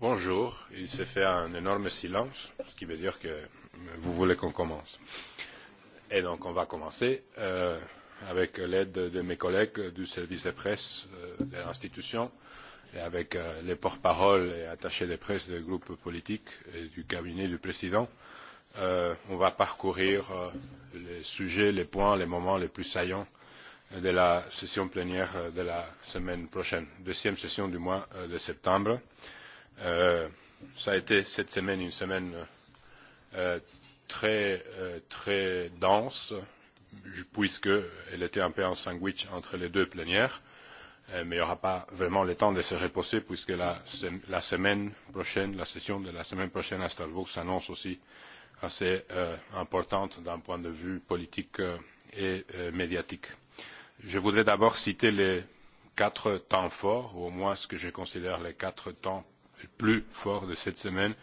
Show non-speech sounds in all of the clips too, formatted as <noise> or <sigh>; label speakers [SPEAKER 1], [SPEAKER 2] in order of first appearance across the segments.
[SPEAKER 1] bonjour. Il s'est fait un énorme silence, ce qui veut dire que vous voulez qu'on commence. Et donc, on va commencer euh, avec l'aide de mes collègues du service de presse euh, de l'institution et avec euh, les porte-paroles et attachés de presse des groupes politiques et du cabinet du président. Euh, on va parcourir euh, les sujets, les points, les moments les plus saillants de la session plénière euh, de la semaine prochaine, deuxième session du mois euh, de septembre. Euh, Euh, ça a été cette semaine une semaine euh, très, euh, très dense, puisqu'elle était un peu en sandwich entre les deux plénières. Euh, mais il n'y aura pas vraiment le temps de se reposer, puisque la, la semaine prochaine, la session de la semaine prochaine à Strasbourg s'annonce aussi assez euh, importante d'un point de vue politique euh, et euh, médiatique. Je voudrais d'abord citer les quatre temps forts, ou au moins ce que je considère les quatre temps plus fort de cette semaine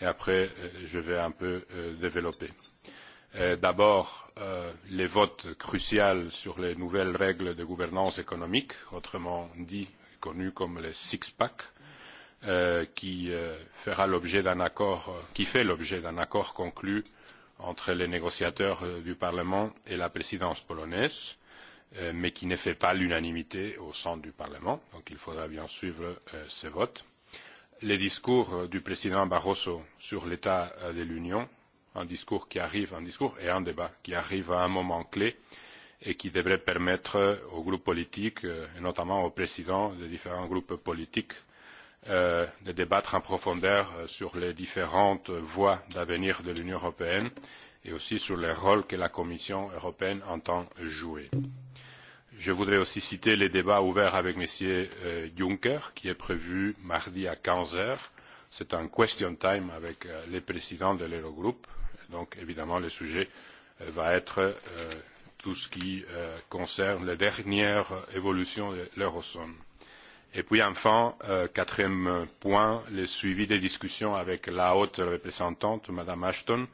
[SPEAKER 1] et après euh, je vais un peu euh, développer. Euh, d'abord, les votes cruciaux sur les nouvelles règles de gouvernance économique, autrement dit connues comme le six pack, qui fera l'objet d'un accord, qui fait l'objet d'un accord conclu entre les négociateurs du Parlement et la présidence polonaise mais qui ne fait pas l'unanimité au sein du Parlement. Donc il faudra bien suivre ce ces votes les discours euh, du président Barroso sur l'état euh, de l'Union, un discours qui arrive, un discours et un débat qui arrive à un moment clé et qui devrait permettre aux groupes politiques, euh, et notamment aux présidents des différents groupes politiques, euh, de débattre en profondeur sur les différentes voies d'avenir de l'Union européenne et aussi sur le rôle que la Commission européenne entend jouer. Euh, je voudrais aussi citer les débats ouverts avec m. Euh, juncker qui est prévu mardi à quinze heures. c'est un question time avec euh, les présidents de l'eurogroupe donc évidemment le sujet euh, va être tout ce qui concerne les dernières évolutions de l'eurozone. Et puis enfin, quatrième point, le suivi des discussions avec la haute représentante, Mme Ashton,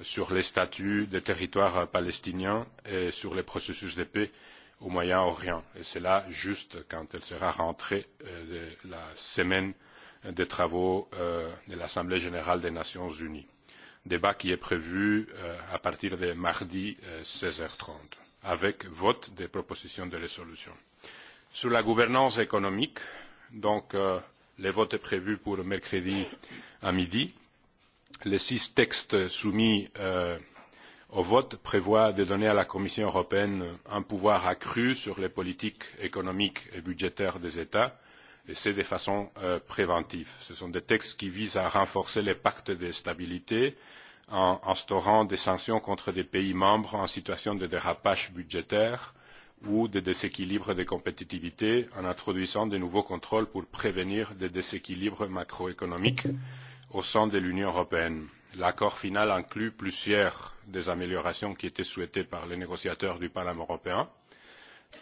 [SPEAKER 1] sur les statuts des territoires palestiniens et sur le processus de paix au Moyen-Orient. Et cela juste quand elle sera rentrée euh, de la semaine des travaux euh, de l'Assemblée générale des Nations unies. Débat qui est prévu euh, à partir de mardi euh, 16h30 avec vote des propositions de résolution. Sur la gouvernance économique, donc euh, le vote est prévu pour mercredi à midi. Les six textes soumis euh, au vote prévoit de donner à la Commission européenne un pouvoir accru sur les politiques économiques et budgétaires des États, et c'est de façon euh, préventive. Ce sont des textes qui visent à renforcer les pactes de stabilité en instaurant des sanctions contre des pays membres en situation de dérapage budgétaire ou de déséquilibre de compétitivité en introduisant de nouveaux contrôles pour prévenir des déséquilibres macroéconomiques au sein de l'Union européenne L'accord final inclut plusieurs des améliorations qui étaient souhaitées par les négociateurs du Parlement européen,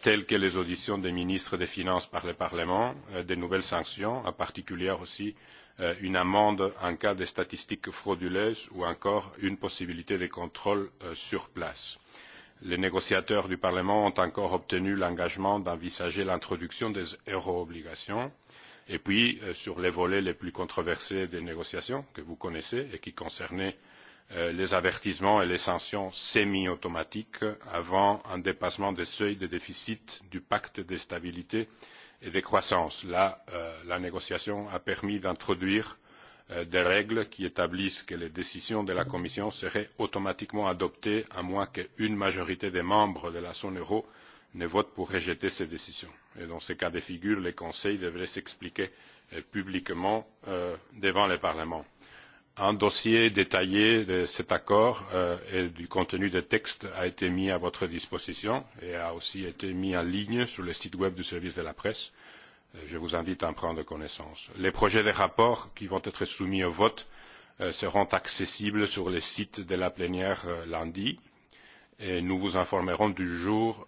[SPEAKER 1] telles que les auditions des ministres des Finances par le Parlement, euh, des nouvelles sanctions, en particulier aussi euh, une amende en cas de statistiques frauduleuses ou encore une possibilité de contrôle euh, sur place. Les négociateurs du Parlement ont encore obtenu l'engagement d'envisager l'introduction des euro-obligations euh, Et puis, euh, sur les volets les plus controversés des négociations que vous connaissez et qui concernaient euh, les avertissements et les sanctions semi-automatiques avant un dépassement des seuils de déficit du pacte de stabilité et de croissance. Là, euh, la négociation a permis d'introduire euh, des règles qui établissent que les décisions de la Commission seraient automatiquement adoptées à moins qu'une majorité des membres de la zone euro ne vote pour rejeter ces décisions Et dans ces cas de figure, le Conseil devrait s'expliquer euh, publiquement euh, devant le Parlement. Un dossier détaillé de cet accord euh, et du contenu des textes a été mis à votre disposition et a aussi été mis en ligne sur le site web du service de la presse. Euh, je vous invite à en prendre connaissance. Les projets de rapport qui vont être soumis au vote euh, seront accessibles sur le site de la plénière euh, lundi et nous vous informerons du jour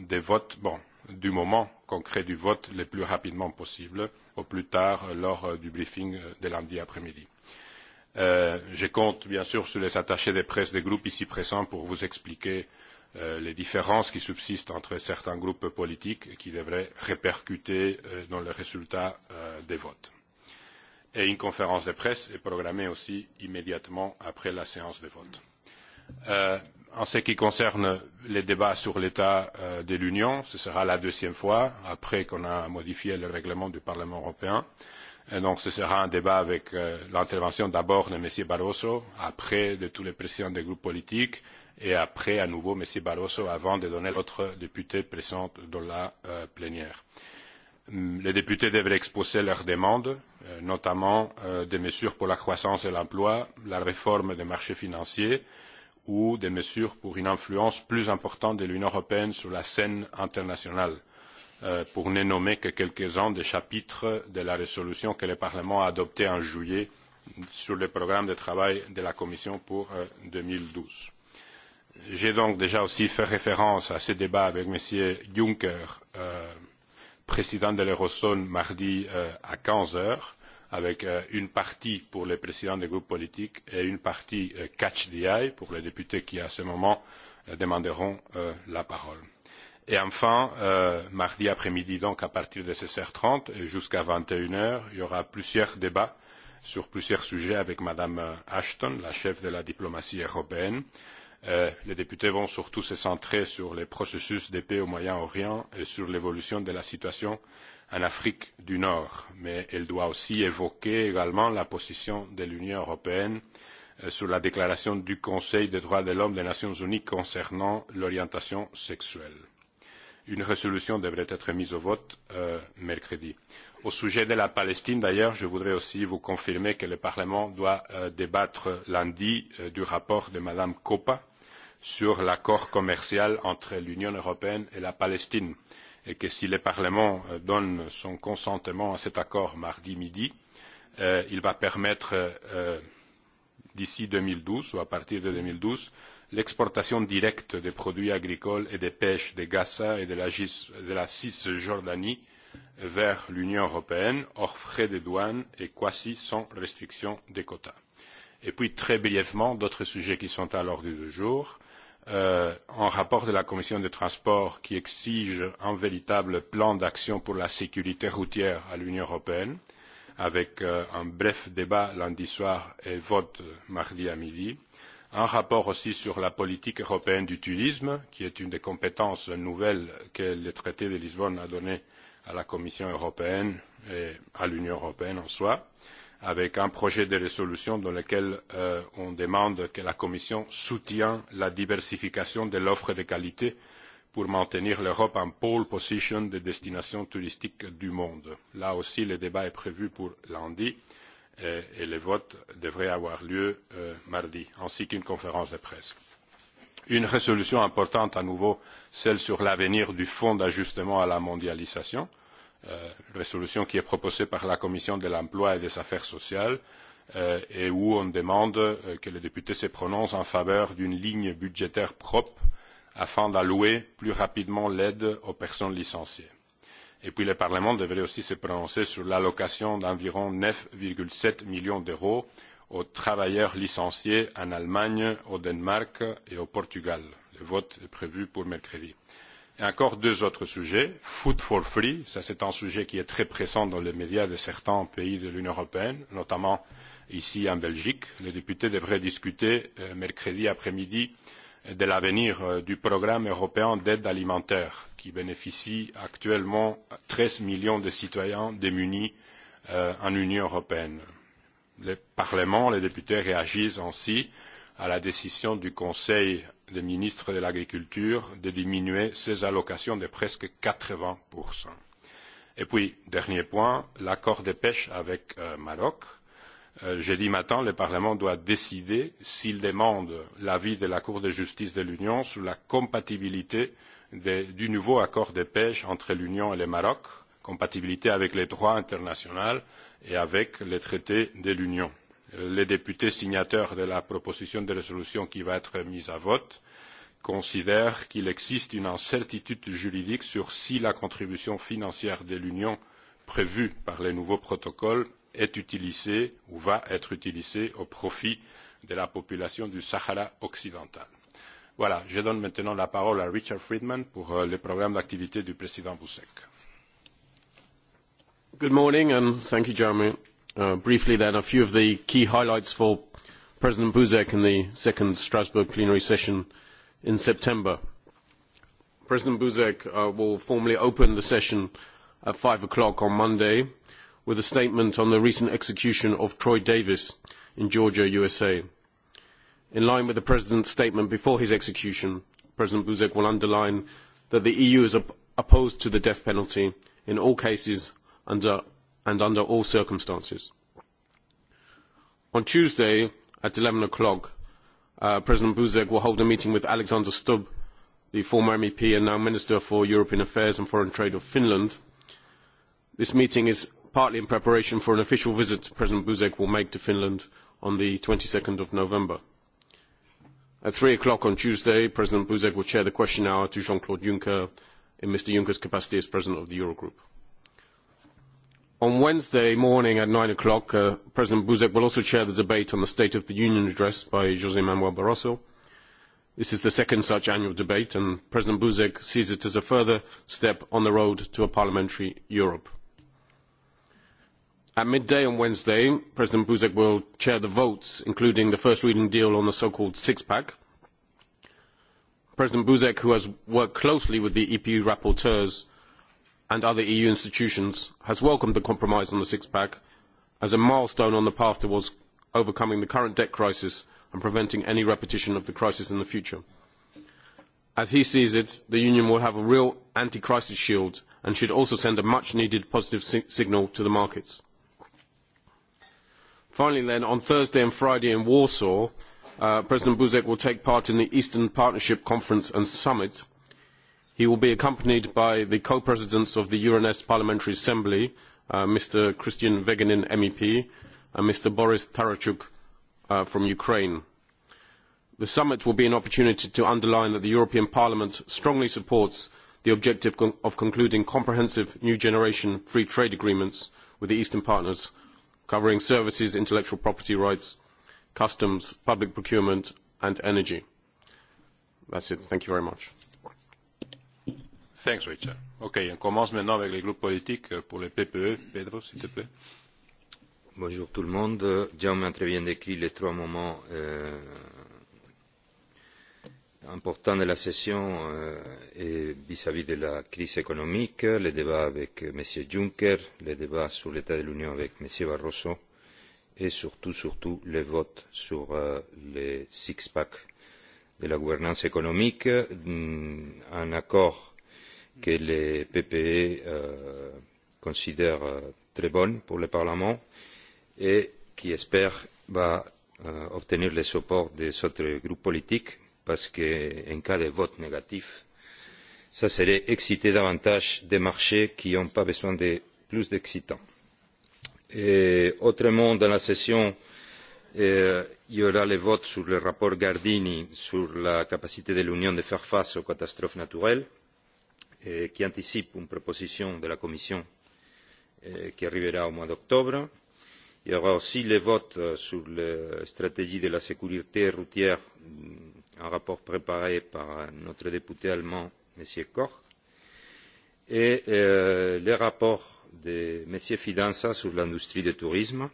[SPEAKER 1] des votes. Bon, du moment concret du vote le plus rapidement possible, au plus tard euh, lors euh, du briefing euh, de lundi après-midi. je compte bien sûr sur les attachés de presse des groupes ici présents pour vous expliquer les différences qui subsistent entre certains groupes politiques et qui devraient répercuter dans le résultat des votes. Et une conférence de presse est programmée aussi immédiatement après la séance de vote en ce qui concerne les débats sur l'état euh, de l'union ce sera la deuxième fois après qu'on a modifié le règlement du parlement européen et donc ce sera un débat avec euh, l'intervention d'abord de m. barroso après de tous les présidents des groupes politiques et après à nouveau m. barroso avant de donner l'autre député présent dans la euh, plénière. les députés devraient exposer leurs demandes euh, notamment des mesures pour la croissance et l'emploi la réforme des marchés financiers ou des mesures pour une influence plus importante de l'union européenne sur la scène internationale euh, pour ne nommer que quelques uns des chapitres de la résolution que le parlement a adoptée en juillet sur le programme de travail de la commission pour. Euh, deux mille douze j'ai donc déjà aussi fait référence à ce débat avec m. juncker euh, président de l'eurozone mardi euh, à quinze heures avec euh, une partie pour les présidents des groupes politiques et une partie euh, catch the eye pour les députés qui à ce moment euh, demanderont la parole. Et enfin, euh, mardi après-midi, donc à partir de 16h30 et jusqu'à 21h, il y aura plusieurs débats sur plusieurs sujets avec Madame Ashton, la chef de la diplomatie européenne. Euh, les députés vont surtout se centrer sur les processus de paix au Moyen-Orient et sur l'évolution de la situation en Afrique du Nord. Mais elle doit aussi évoquer également la position de l'Union européenne euh, sur la déclaration du Conseil des droits de l'homme des Nations unies concernant l'orientation sexuelle. Une résolution devrait être mise au vote euh, mercredi. Au sujet de la Palestine, d'ailleurs, je voudrais aussi vous confirmer que le Parlement doit euh, débattre lundi euh, du rapport de Mme Coppa sur l'accord commercial entre l'Union européenne et la Palestine et que si le Parlement euh, donne son consentement à cet accord mardi midi, euh, il va permettre euh, d'ici deux mille douze ou à partir de deux mille douze l'exportation directe des produits agricoles et des pêches de Gaza et de la, de la Cisjordanie vers l'Union européenne, hors frais de douane et quasi sans restriction des quotas. Et puis, très brièvement, d'autres sujets qui sont à l'ordre du jour. Euh, un euh, rapport de la commission des transports qui exige un véritable plan d'action pour la sécurité routière à l'Union européenne, avec euh, un bref débat lundi soir et vote mardi à midi. Un rapport aussi sur la politique européenne du tourisme, qui est une des compétences nouvelles que le traité de Lisbonne a données à la Commission européenne et à l'Union européenne en soi. Euh, avec un projet de résolution dans lequel euh, on demande que la Commission soutienne la diversification de l'offre de qualité pour maintenir l'Europe en pole position des destinations touristiques du monde. Là aussi, le débat est prévu pour lundi et, euh, et le vote devrait avoir lieu euh, mardi, ainsi qu'une conférence de presse. Une résolution importante à nouveau, celle sur l'avenir du Fonds d'ajustement à la mondialisation, Euh, résolution qui est proposée par la commission de l'emploi et des affaires sociales euh, et où on demande euh, que les députés se prononcent en faveur d'une ligne budgétaire propre afin d'allouer plus rapidement l'aide aux personnes licenciées. Et puis le Parlement devrait aussi se prononcer sur l'allocation d'environ neuf sept millions d'euros aux travailleurs licenciés en Allemagne, au Danemark et au Portugal. Le vote est prévu pour mercredi. Euh, Et encore deux autres sujets. Food for free, ça c'est un sujet qui est très pressant dans les médias de certains pays de l'Union européenne, notamment ici en Belgique. Les députés devraient discuter euh, mercredi après-midi de l'avenir euh, du programme européen d'aide alimentaire qui bénéficie actuellement à 13 millions de citoyens démunis euh, en Union européenne. Le Parlement, les députés réagissent ainsi euh, à la décision du Conseil des ministres de l'Agriculture de diminuer ses allocations de presque quatre 80%. Et puis, dernier point, l'accord de pêche avec le euh, Maroc. Euh, jeudi matin, le Parlement doit décider s'il demande l'avis de la Cour de justice de l'Union sur la compatibilité de, du nouveau accord de pêche entre l'Union et le Maroc, compatibilité avec les droits internationaux et avec les traités de l'Union les députés signataires de la proposition de résolution qui va être mise à vote considèrent qu'il existe une incertitude juridique sur si la contribution financière de l'Union prévue par les nouveaux protocoles est utilisée ou va être utilisée au profit de la population du Sahara occidental. Voilà, je donne maintenant la parole à Richard Friedman pour euh, le programme d'activité du président Buzek.
[SPEAKER 2] Good morning and thank you, Jeremy. Uh, briefly then, a few of the key highlights for President Buzek in the second Strasbourg plenary session in September. President Buzek uh, will formally open the session at five o'clock on Monday with a statement on the recent execution of Troy Davis in Georgia, USA. In line with the President's statement before his execution, President Buzek will underline that the EU is op opposed to the death penalty in all cases under and under all circumstances. On Tuesday at eleven o'clock, uh, President Buzek will hold a meeting with Alexander Stubb, the former MEP and now Minister for European Affairs and Foreign Trade of Finland. This meeting is partly in preparation for an official visit President Buzek will make to Finland on the 22nd of November. At three o'clock on Tuesday, President Buzek will chair the question hour to Jean-Claude Juncker in Mr. Juncker's capacity as President of the Eurogroup. On Wednesday morning at nine o'clock, uh, President Buzek will also chair the debate on the State of the Union address by José Manuel Barroso. This is the second such annual debate, and President Buzek sees it as a further step on the road to a parliamentary Europe. At midday on Wednesday, President Buzek will chair the votes, including the first reading deal on the so-called six-pack. President Buzek, who has worked closely with the EP rapporteurs and other EU institutions has welcomed the compromise on the six pack as a milestone on the path towards overcoming the current debt crisis and preventing any repetition of the crisis in the future. As he sees it, the Union will have a real anti-crisis shield and should also send a much-needed positive si signal to the markets. Finally, then, on Thursday and Friday in Warsaw, uh, President Buzek will take part in the Eastern Partnership Conference and Summit, He will be accompanied by the co-presidents of the Euronest Parliamentary Assembly, uh, Mr. Christian Veganin, MEP, and Mr. Boris Tarachuk uh, from Ukraine. The summit will be an opportunity to underline that the European Parliament strongly supports the objective of concluding comprehensive new generation free trade agreements with the Eastern partners, covering services, intellectual property rights, customs, public procurement, and energy. That's it.
[SPEAKER 3] Thank you very much. Thanks,
[SPEAKER 1] Richard. OK, on commence maintenant avec les groupes
[SPEAKER 3] politiques pour le PPE. Pedro, s'il te plaît. Bonjour tout le monde. Jaume a très bien décrit les trois moments euh, importants de la session euh, vis-à-vis euh, -vis de la crise économique, le débat avec M. Juncker, le débat sur l'état de l'Union avec M. Barroso et surtout, surtout, le vote sur euh, les six-pack de la gouvernance économique, un accord que le PPE euh, euh, très bonne pour le Parlement et qui, j'espère, va euh, obtenir le support des autres groupes politiques parce qu'en cas de vote négatif, ça serait exciter davantage des marchés qui n'ont pas besoin de plus d'excitants. Et autrement, dans la session, euh, il y aura le vote sur le rapport Gardini sur la capacité de l'Union de faire face aux catastrophes naturelles Eh, qui anticipe une proposition de la commission eh, qui arrivera au mois d'octobre. il y aura aussi le vote sur la stratégie de la sécurité routière mm, un rapport préparé par notre député allemand m. koch et euh, le rapport de m. fidanza sur l'industrie du tourisme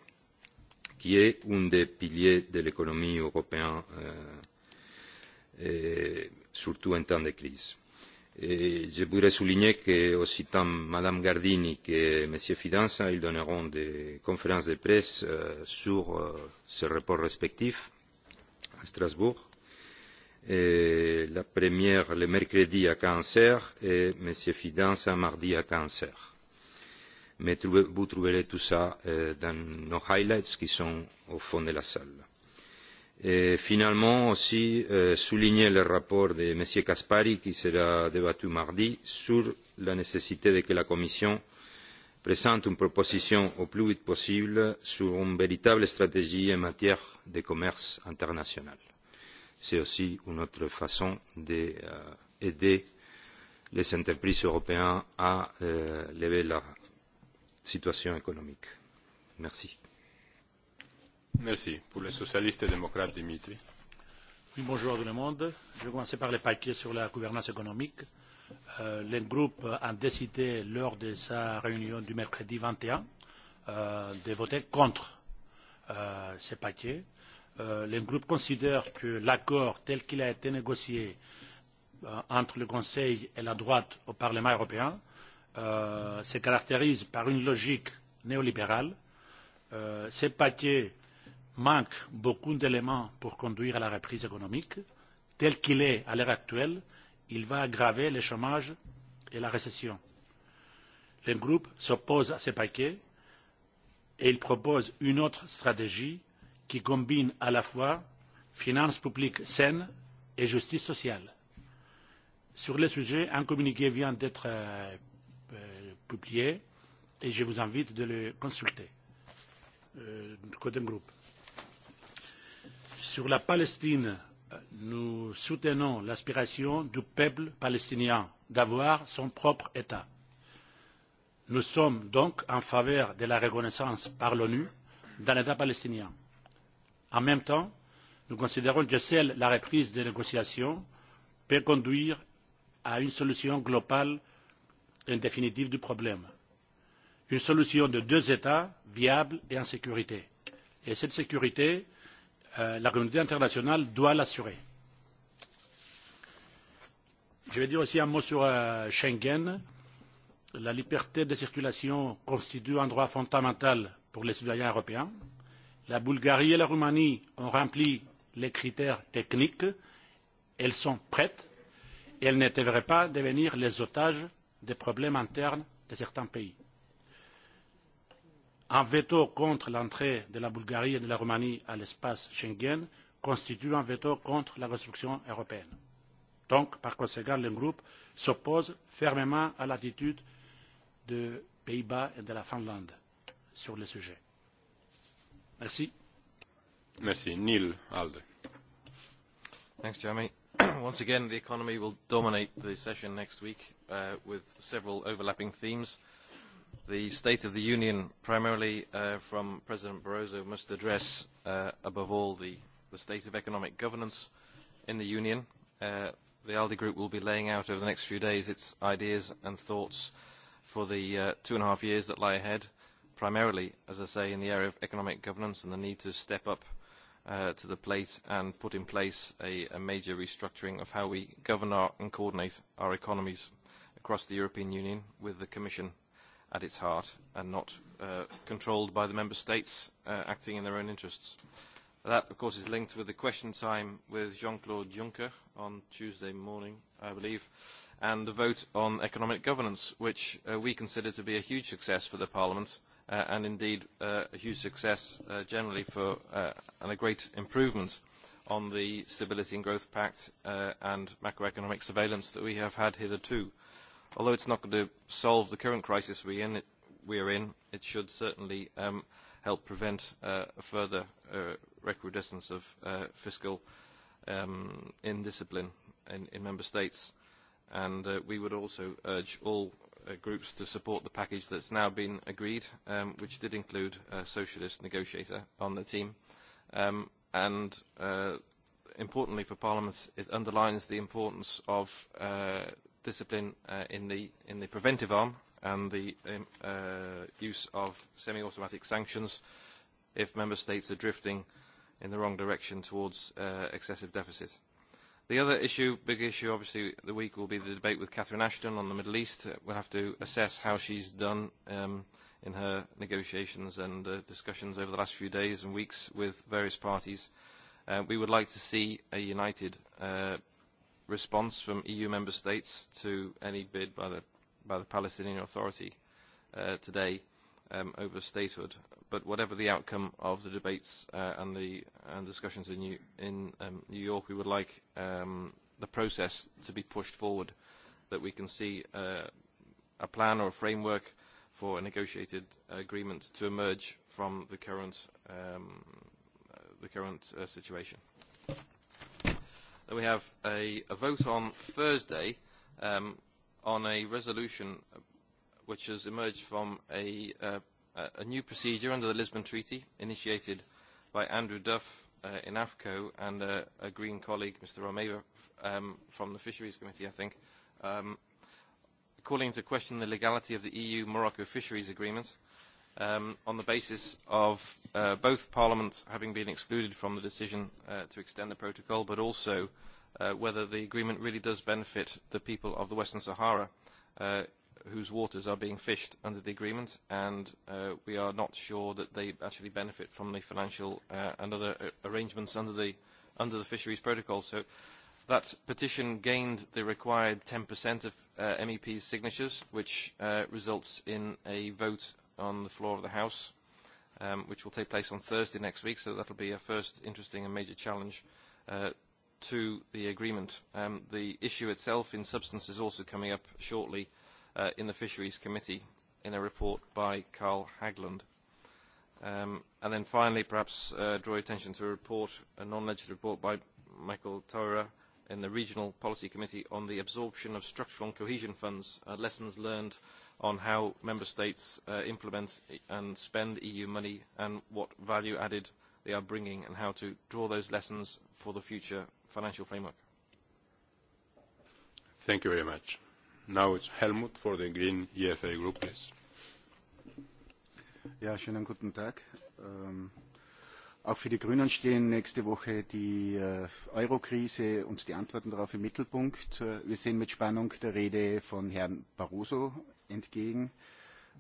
[SPEAKER 3] qui est un des piliers de l'économie européenne euh, surtout en temps de crise je voudrais souligner aussi citant Mme Gardini que M. Fidanza, ils donneront des conférences de presse euh, sur euh, ces rapports respectifs à Strasbourg. Et la première le mercredi à Cancer et M. Fidanza mardi à Cancer. Mais vous trouverez tout cela euh, dans nos highlights qui sont au fond de la salle. Et eh, finalement aussi eh, souligner le rapport de M. Caspary qui sera débattu mardi sur la nécessité de que la Commission présente une proposition au plus vite possible sur une véritable stratégie en matière de commerce international. C'est aussi une autre façon d'aider eh, les entreprises européennes à lever la situation économique. Merci. Merci. Pour bonjour
[SPEAKER 4] tout le monde. Je vais commencer par le paquet sur la gouvernance économique. Euh, le groupe a décidé lors de sa réunion du mercredi vingt et un euh, de voter contre euh, ce paquet. le groupe considère que l'accord tel qu'il a été négocié entre le Conseil et la droite au Parlement européen se caractérise par une logique néolibérale. ce paquet manque beaucoup d'éléments pour conduire à la reprise économique. Tel qu'il est à l'heure actuelle, il va aggraver le chômage et la récession. Le groupe s'oppose à ce paquet et il propose une autre stratégie qui combine à la fois finances publiques saines et justice sociale. Sur le sujet, un communiqué vient d'être euh, euh, publié et je vous invite de le consulter euh, côté groupe. Sur la Palestine, nous soutenons l'aspiration du peuple palestinien d'avoir son propre État. Nous sommes donc en faveur de la reconnaissance par l'ONU d'un État palestinien. En même temps, nous considérons que seule la reprise des négociations peut conduire à une solution globale et définitive du problème. Une solution de deux États viable et en sécurité. Et cette sécurité Euh, la communauté internationale doit l'assurer. Je vais dire aussi un mot sur euh, Schengen. La liberté de circulation constitue un droit fondamental pour les citoyens européens. La Bulgarie et la Roumanie ont rempli les critères techniques. Elles sont prêtes et elles ne devraient pas devenir les otages des problèmes internes de certains pays un veto contre l'entrée de la bulgarie et de la roumanie à l'espace schengen constitue un veto contre la construction européenne. donc par conséquent le groupe s'oppose fermement à l'attitude des pays bas et de la finlande sur le sujet. merci.
[SPEAKER 1] merci. Neil Alde.
[SPEAKER 4] Thanks, Jeremy. <clears throat> Once again, the economy
[SPEAKER 5] will dominate the session next week uh, with several overlapping themes the State of the Union, primarily uh, from President Barroso, must address, uh, above all, the, the state of economic governance in the Union. Uh, the ALDE Group will be laying out over the next few days its ideas and thoughts for the uh, two and a half years that lie ahead, primarily, as I say, in the area of economic governance and the need to step up uh, to the plate and put in place a, a major restructuring of how we govern our, and coordinate our economies across the European Union with the Commission at its heart and not uh, controlled by the member states uh, acting in their own interests. That, of course, is linked with the question time with Jean-Claude Juncker on Tuesday morning, I believe, and the vote on economic governance, which uh, we consider to be a huge success for the Parliament uh, and indeed uh, a huge success uh, generally for, uh, and a great improvement on the Stability and Growth Pact uh, and macroeconomic surveillance that we have had hitherto although it's not going to solve the current crisis we, in, are in, it should certainly um, help prevent uh, a further uh, recrudescence of uh, fiscal um, indiscipline in, in member states. And uh, we would also urge all uh, groups to support the package that's now been agreed, um, which did include a socialist negotiator on the team. Um, and uh, importantly for Parliament, it underlines the importance of uh, discipline uh, in, the, in the preventive arm and the um, uh, use of semi-automatic sanctions if member states are drifting in the wrong direction towards uh, excessive deficit. The other issue, big issue obviously the week will be the debate with Catherine Ashton on the Middle East. We'll have to assess how she's done um, in her negotiations and uh, discussions over the last few days and weeks with various parties. Uh, we would like to see a united uh, response from EU member states to any bid by the, by the Palestinian Authority uh, today um, over statehood. But whatever the outcome of the debates uh, and the and discussions in New, in um, New York, we would like um, the process to be pushed forward, that we can see uh, a plan or a framework for a negotiated agreement to emerge from the current um, uh, the current uh, situation that we have a, a vote on Thursday um, on a resolution which has emerged from a, uh, a new procedure under the Lisbon Treaty initiated by Andrew Duff uh, in AFCO and uh, a Green colleague, Mr. Romeva, um, from the Fisheries Committee, I think, um, calling into question the legality of the EU-Morocco Fisheries Agreement um, on the basis of uh, both Parliament having been excluded from the decision uh, to extend the protocol, but also uh, whether the agreement really does benefit the people of the Western Sahara, uh, whose waters are being fished under the agreement, and uh, we are not sure that they actually benefit from the financial uh, and other arrangements under the, under the fisheries protocol. So that petition gained the required 10% of MEPs' signatures, which results in a vote on the floor of the House, um, which will take place on Thursday next week. So that will be a first interesting and major challenge uh, to the agreement. Um, the issue itself in substance is also coming up shortly uh, in the Fisheries Committee in a report by Carl Hagland. Um, and then finally, perhaps uh, draw attention to a report, a non-legislative report by Michael Torra in the Regional Policy Committee on the absorption of structural and cohesion funds, uh, lessons learned on how member states uh, implement and spend EU money and what value added they are bringing and how to draw those lessons for the future financial framework.
[SPEAKER 1] Thank you very much. Now it's Helmut for the Green EFA Group, please.
[SPEAKER 6] Ja, schönen guten Tag. Ähm, auch für die Grünen stehen nächste Woche die äh, Eurokrise und die Antworten darauf im Mittelpunkt. Äh, wir sehen mit Spannung der Rede von Herrn Barroso entgegen,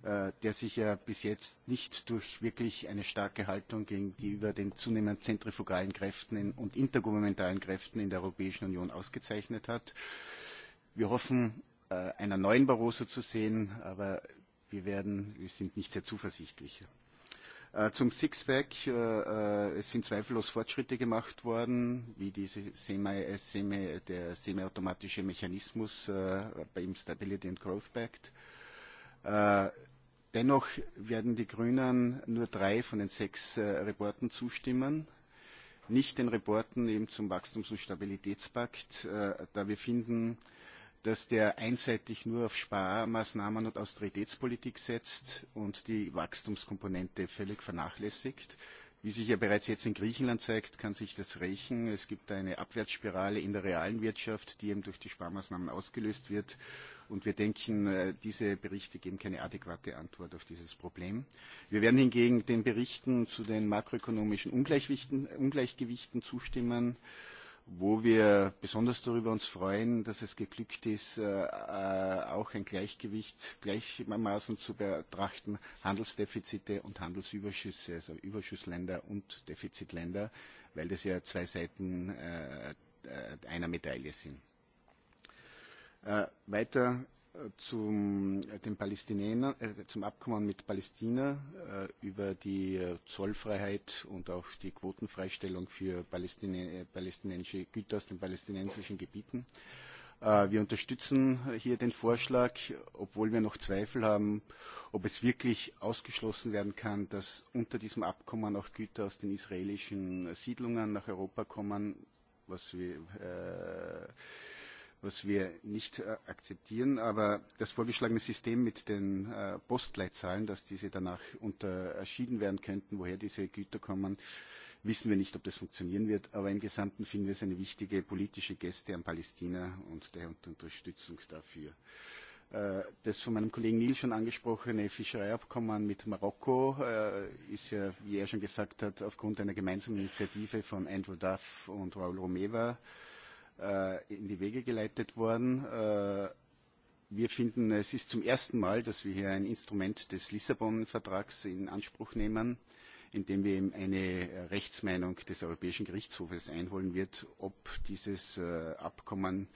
[SPEAKER 6] äh, der sich ja bis jetzt nicht durch wirklich eine starke Haltung gegenüber den zunehmend zentrifugalen Kräften und intergouvernementalen Kräften in der Europäischen Union ausgezeichnet hat. Wir hoffen, äh, einer neuen Barroso zu sehen, aber wir, werden, wir sind nicht sehr zuversichtlich. Äh, zum Sixpack, es sind zweifellos Fortschritte gemacht worden, wie diese semi, der semiautomatische Mechanismus beim Stability and Growth Pact. Äh, dennoch werden die Grünen nur drei von den sechs äh, Reporten zustimmen. Nicht den Reporten eben zum Wachstums- und Stabilitätspakt, äh, da wir finden, dass der einseitig nur auf Sparmaßnahmen und Austeritätspolitik setzt und die Wachstumskomponente völlig vernachlässigt. Wie sich ja bereits jetzt in Griechenland zeigt, kann sich das rächen. Es gibt eine Abwärtsspirale in der realen Wirtschaft, die eben durch die Sparmaßnahmen ausgelöst wird. Und wir denken, äh, diese Berichte geben keine adäquate Antwort auf dieses Problem. Wir werden hingegen den Berichten zu den makroökonomischen Ungleichgewichten zustimmen wo wir besonders darüber uns freuen, dass es geglückt ist, äh, äh, auch ein Gleichgewicht gleichermaßen zu betrachten, Handelsdefizite und Handelsüberschüsse, also Überschussländer und Defizitländer, weil das ja zwei Seiten einer Medaille sind. Äh, weiter äh, zum, äh, den Palästinenern, äh, zum Abkommen mit Palästina äh, über die Zollfreiheit und auch die Quotenfreistellung für Palästinä palästinensische Güter aus den palästinensischen Gebieten. wir unterstützen hier den Vorschlag, obwohl wir noch Zweifel haben, ob es wirklich ausgeschlossen werden kann, dass unter diesem Abkommen auch Güter aus den israelischen Siedlungen nach Europa kommen, was wir was wir nicht äh, akzeptieren. Aber das vorgeschlagene System mit den äh, Postleitzahlen, dass diese danach unterschieden werden könnten, woher diese Güter kommen, wissen wir nicht, ob das funktionieren wird. Aber im Gesamten finden wir es eine wichtige politische Geste an Palästina und der Unterstützung dafür. Äh, das von meinem Kollegen Nil schon angesprochene Fischereiabkommen mit Marokko äh, ist ja, wie er schon gesagt hat, aufgrund einer gemeinsamen Initiative von Andrew Duff und Raul Romeva Äh, in die Wege geleitet worden. Äh, wir finden, es ist zum ersten Mal, dass wir hier ein Instrument des Lissabon-Vertrags in Anspruch nehmen, indem wir eben eine Rechtsmeinung des Europäischen Gerichtshofes einholen wird, ob dieses äh, Abkommen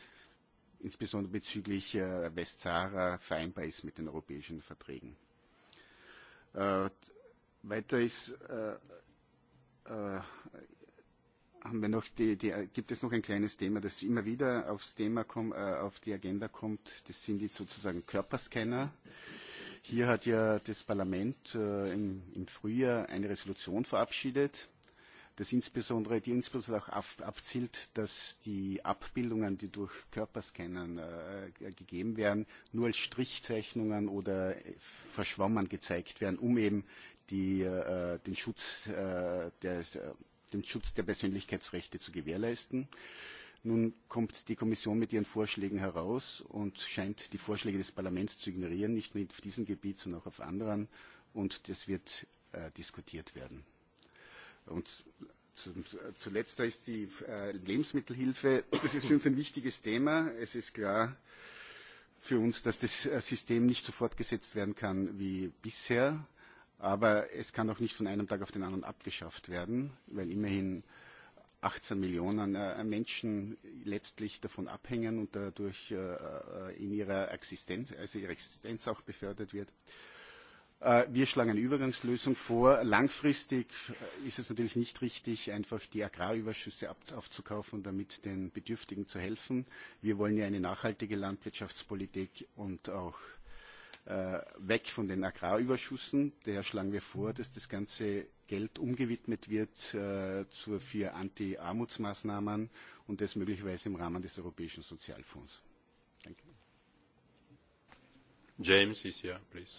[SPEAKER 6] insbesondere bezüglich Westsahara vereinbar ist mit den europäischen Verträgen. Weiter ist haben wir noch die, die, gibt es noch ein kleines Thema, das immer wieder aufs Thema komm, äh, auf die Agenda kommt. Das sind die sozusagen Körperscanner. Hier hat ja das Parlament äh, im, im Frühjahr eine Resolution verabschiedet, das insbesondere, die insbesondere auch ab, abzielt, dass die Abbildungen, die durch Körperscannern äh, gegeben werden, nur als Strichzeichnungen oder verschwommen gezeigt werden, um eben die, äh, den Schutz äh, des, den Schutz der Persönlichkeitsrechte zu gewährleisten. Nun kommt die Kommission mit ihren Vorschlägen heraus und scheint die Vorschläge des Parlaments zu ignorieren, nicht nur auf diesem Gebiet, sondern auch auf anderen. Und das wird äh, diskutiert werden. Und zuletzt ist die äh, Lebensmittelhilfe. Das ist für uns ein wichtiges Thema. Es ist klar für uns, dass das äh, System nicht so fortgesetzt werden kann wie bisher Aber es kann doch nicht von einem Tag auf den anderen abgeschafft werden, weil immerhin 18 Millionen äh, Menschen letztlich davon abhängen und dadurch äh, äh, in ihrer Existenz, also ihre Existenz auch befördert wird. Wir schlagen eine Übergangslösung vor. Langfristig ist es natürlich nicht richtig, einfach die Agrarüberschüsse aufzukaufen und damit den Bedürftigen zu helfen. Wir wollen ja eine nachhaltige Landwirtschaftspolitik und auch Äh, weg von den Agrarüberschüssen. Daher schlagen wir vor, mhm. dass das ganze Geld umgewidmet wird äh, zu vier Anti-Armutsmaßnahmen und das möglicherweise im Rahmen des Europäischen Sozialfonds. Danke.
[SPEAKER 7] James is here, please.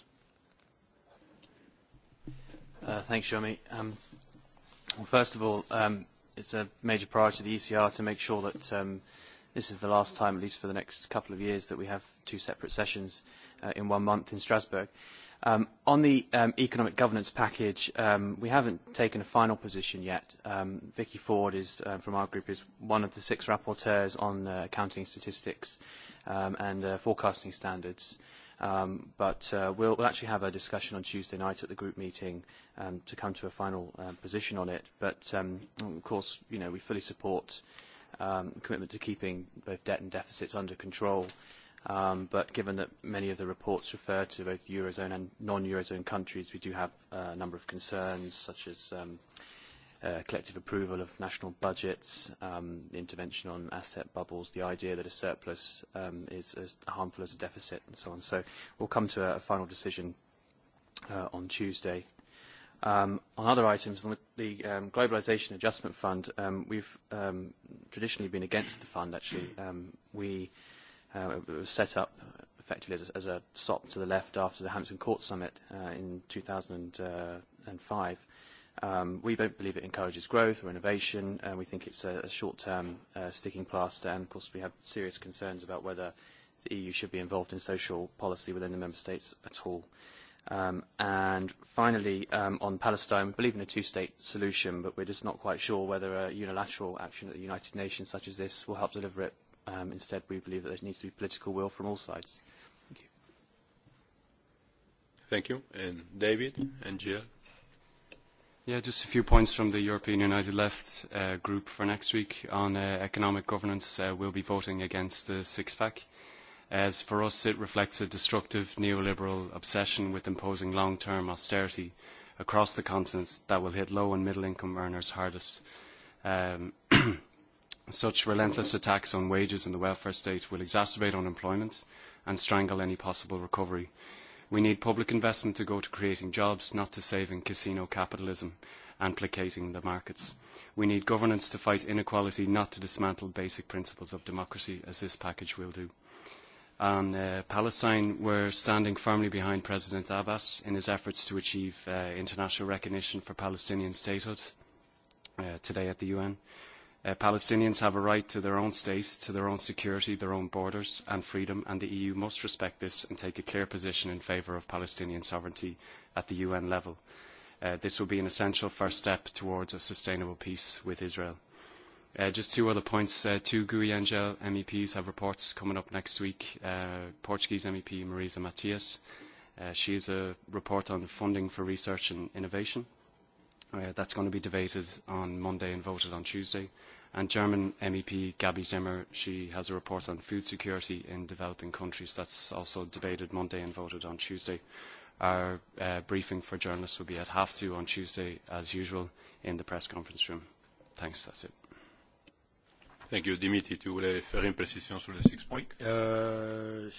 [SPEAKER 7] Uh, thanks, Jeremy. Um, well, first of all, um, it's a major priority of the ECR to make sure that um, this is the last time, at least for the next couple of years, that we have two separate sessions. Uh, uh, in one month in Strasbourg. Um, on the um, economic governance package, um, we haven't taken a final position yet. Um, Vicky Ford is, uh, from our group is one of the six rapporteurs on uh, accounting statistics um, and uh, forecasting standards. Um, but uh, we'll, we'll actually have a discussion on Tuesday night at the group meeting um, to come to a final uh, position on it. But um, of course, you know, we fully support um, commitment to keeping both debt and deficits under control. Um, but given that many of the reports refer to both Eurozone and non-Eurozone countries, we do have uh, a number of concerns, such as um, uh, collective approval of national budgets, um, the intervention on asset bubbles, the idea that a surplus um, is as harmful as a deficit, and so on. So we'll come to a, a final decision uh, on Tuesday. Um, on other items, on the, the um, Globalisation Adjustment Fund, um, we've um, traditionally been against the fund, actually. Um, we uh, set up effectively as a, as a stop to the left after the Hampton Court Summit uh, in 2005. Uh, um, we don't believe it encourages growth or innovation, and uh, we think it's a, a short-term uh, sticking plaster, and of course we have serious concerns about whether the EU should be involved in social policy within the member states at all. Um, and finally, um, on Palestine, we believe in a two-state solution, but we're just not quite sure whether a unilateral action at the United Nations such as this will help deliver it Um, instead, we believe that there needs to be political will from all sides. Thank you. Thank you. And David and Jill.
[SPEAKER 8] Yeah, just a few points from the European United Left uh, group for next week on uh, economic governance. Uh, we'll be voting against the six-pack. As for us, it reflects a destructive neoliberal obsession with imposing long-term austerity across the continent that will hit low and middle-income earners hardest. Um, Such relentless attacks on wages and the welfare state will exacerbate unemployment and strangle any possible recovery. We need public investment to go to creating jobs, not to saving casino capitalism and placating the markets. We need governance to fight inequality, not to dismantle basic principles of democracy, as this package will do. On uh, Palestine, we're standing firmly behind President Abbas in his efforts to achieve uh, international recognition for Palestinian statehood uh, today at the UN. Uh, Palestinians have a right to their own state, to their own security, their own borders and freedom, and the EU must respect this and take a clear position in favour of Palestinian sovereignty at the UN level. Uh, this will be an essential first step towards a sustainable peace with Israel. Uh, just two other points. Uh, two GUI Angel MEPs have reports coming up next week. Uh, Portuguese MEP Marisa Matias. Uh, she has a report on funding for research and innovation. Uh, Uh, that's going to be debated on Monday and voted on Tuesday. And German MEP Gabi Zimmer, she has a report on food security in developing countries. That's also debated Monday and voted on Tuesday. Our uh, briefing for journalists will be at half two on Tuesday, as usual, in the press conference room. Thanks, that's it.
[SPEAKER 1] Thank you. Dimitri, tu voulais faire une précision sur les six
[SPEAKER 4] points Oui, euh,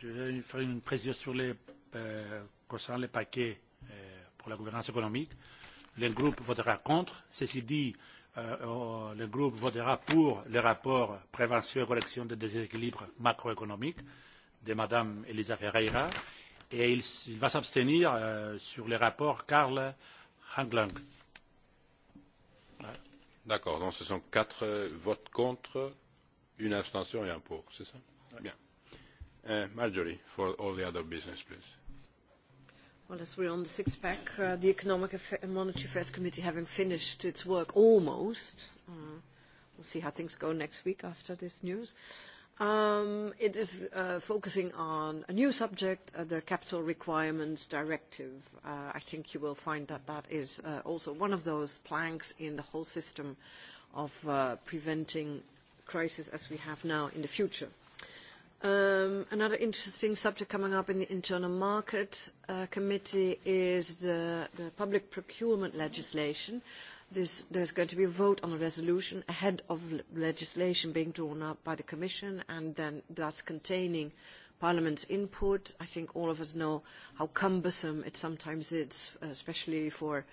[SPEAKER 4] je vais faire une précision sur les, euh, concernant les paquets euh, pour la gouvernance économique. Euh, le groupe votera contre. Ceci dit, euh, le groupe votera pour le rapport Prévention et correction des déséquilibres macroéconomiques de Mme Elisa Ferreira et il, il va s'abstenir euh, sur le rapport Karl Hanglang.
[SPEAKER 1] D'accord, donc ce sont quatre euh, votes contre, une abstention et un pour, c'est ça? Bien. Uh, Marjorie, for all the other business, please.
[SPEAKER 9] Well, as we're on the sixth pack, uh, the Economic and Monetary Affairs Committee having finished its work almost, uh, we'll see how things go next week after this news. Um, it is uh, focusing on a new subject, uh, the Capital Requirements Directive. Uh, I think you will find that that is uh, also one of those planks in the whole system of uh, preventing crisis as we have now in the future. Um, another interesting subject coming up in the Internal Market uh, Committee is the, the public procurement legislation. This, there's going to be a vote on a resolution ahead of legislation being drawn up by the Commission and then thus containing Parliament's input. I think all of us know how cumbersome it sometimes is, especially for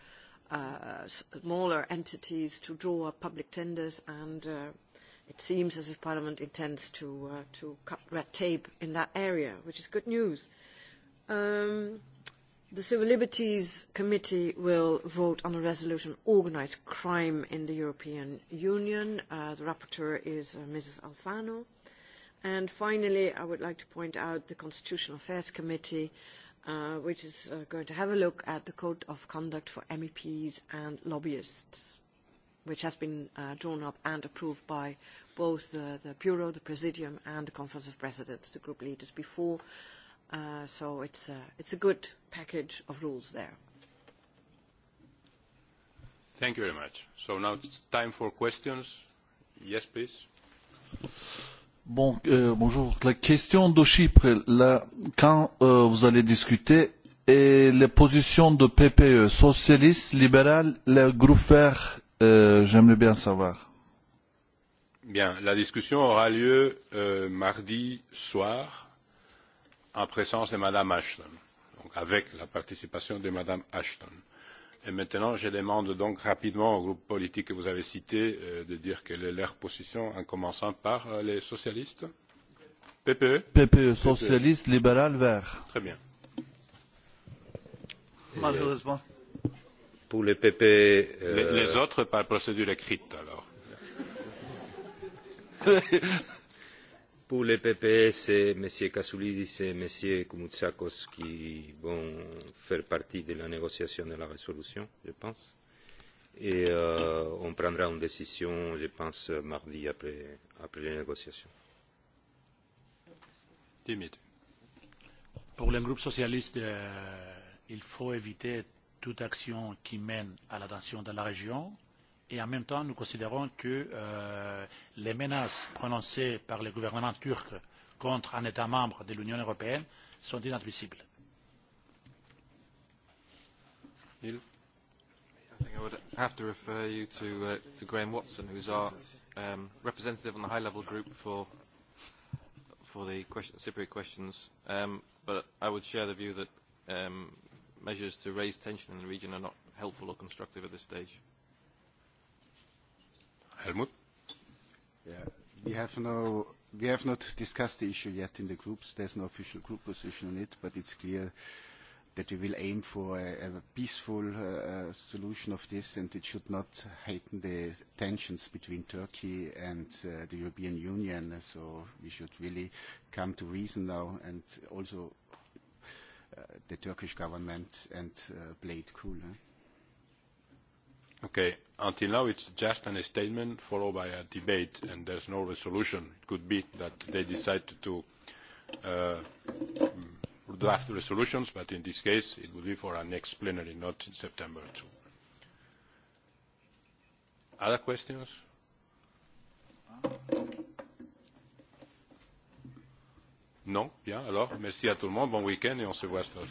[SPEAKER 9] uh, smaller entities to draw up public tenders and uh, it seems as if Parliament intends to, uh, to cut red tape in that area, which is good news. Um, the Civil Liberties Committee will vote on a resolution on organised crime in the European Union. Uh, the rapporteur is uh, Mrs. Alfano. And finally, I would like to point out the Constitutional Affairs Committee, uh, which is uh, going to have a look at the Code of Conduct for MEPs and Lobbyists which has been uh, drawn up and approved by both the, the Bureau, the Presidium, and the Conference of Presidents, the group leaders before. Uh, so it's a, uh, it's a good package of rules there.
[SPEAKER 1] Thank you very much. So now it's time for questions. Yes, please.
[SPEAKER 6] Bon, euh, bonjour. La question de Chypre, la, quand euh, vous allez discuter, et les positions de PPE, socialistes, libéral, le groupe vert Euh, J'aimerais bien savoir.
[SPEAKER 1] Bien, la discussion aura lieu euh, mardi soir en présence de Madame Ashton, donc avec la participation de Madame Ashton. Et maintenant, je demande donc rapidement au groupe politique que vous avez cité euh, de dire quelle est leur position, en commençant par euh, les socialistes. PPE. PPE, socialiste,
[SPEAKER 6] PPE. libéral, vert.
[SPEAKER 1] Très bien.
[SPEAKER 8] Malheureusement. Et...
[SPEAKER 1] Pour le PPE. Euh... Les, les, autres par procédure écrite alors.
[SPEAKER 8] <laughs> pour le PPE,
[SPEAKER 3] c'est M. Kasoulidis et M. Koumoutsakos qui vont faire partie de la négociation de la résolution, je pense. Et euh, on prendra une décision, je pense, mardi après, après les négociations. Dimitri.
[SPEAKER 4] Pour le groupe socialiste, euh, il faut éviter toute action qui mène à la tension dans la région et en même temps nous considérons que euh, les menaces prononcées par le gouvernement turc contre un État membre de l'Union européenne sont inadmissibles.
[SPEAKER 5] I think I would have to refer you to, uh, to Graham Watson, is our um, representative on the high-level group for, for the question, Cypriot questions. Um, but I would share the view that um, measures to raise tension in the region are not helpful or constructive at this stage.
[SPEAKER 6] Helmut? Yeah, we have no we have not discussed the issue yet in the groups. There's no official group position on it, but it's clear that we will aim for a, a peaceful uh, uh solution of this, and it should not heighten the tensions between Turkey and uh, the European Union. So we should really come to reason now and also the Turkish government and uh, played cool. Eh?
[SPEAKER 1] Okay, until now it's just a statement followed by a debate and there's no resolution. It could be that they decide to uh, mm, draft resolutions, but in this case it would be for our next plenary, not in September 2. Other questions? Uh, Non Bien, alors, merci à tout le monde, bon week-end et on se voit à Strasbourg.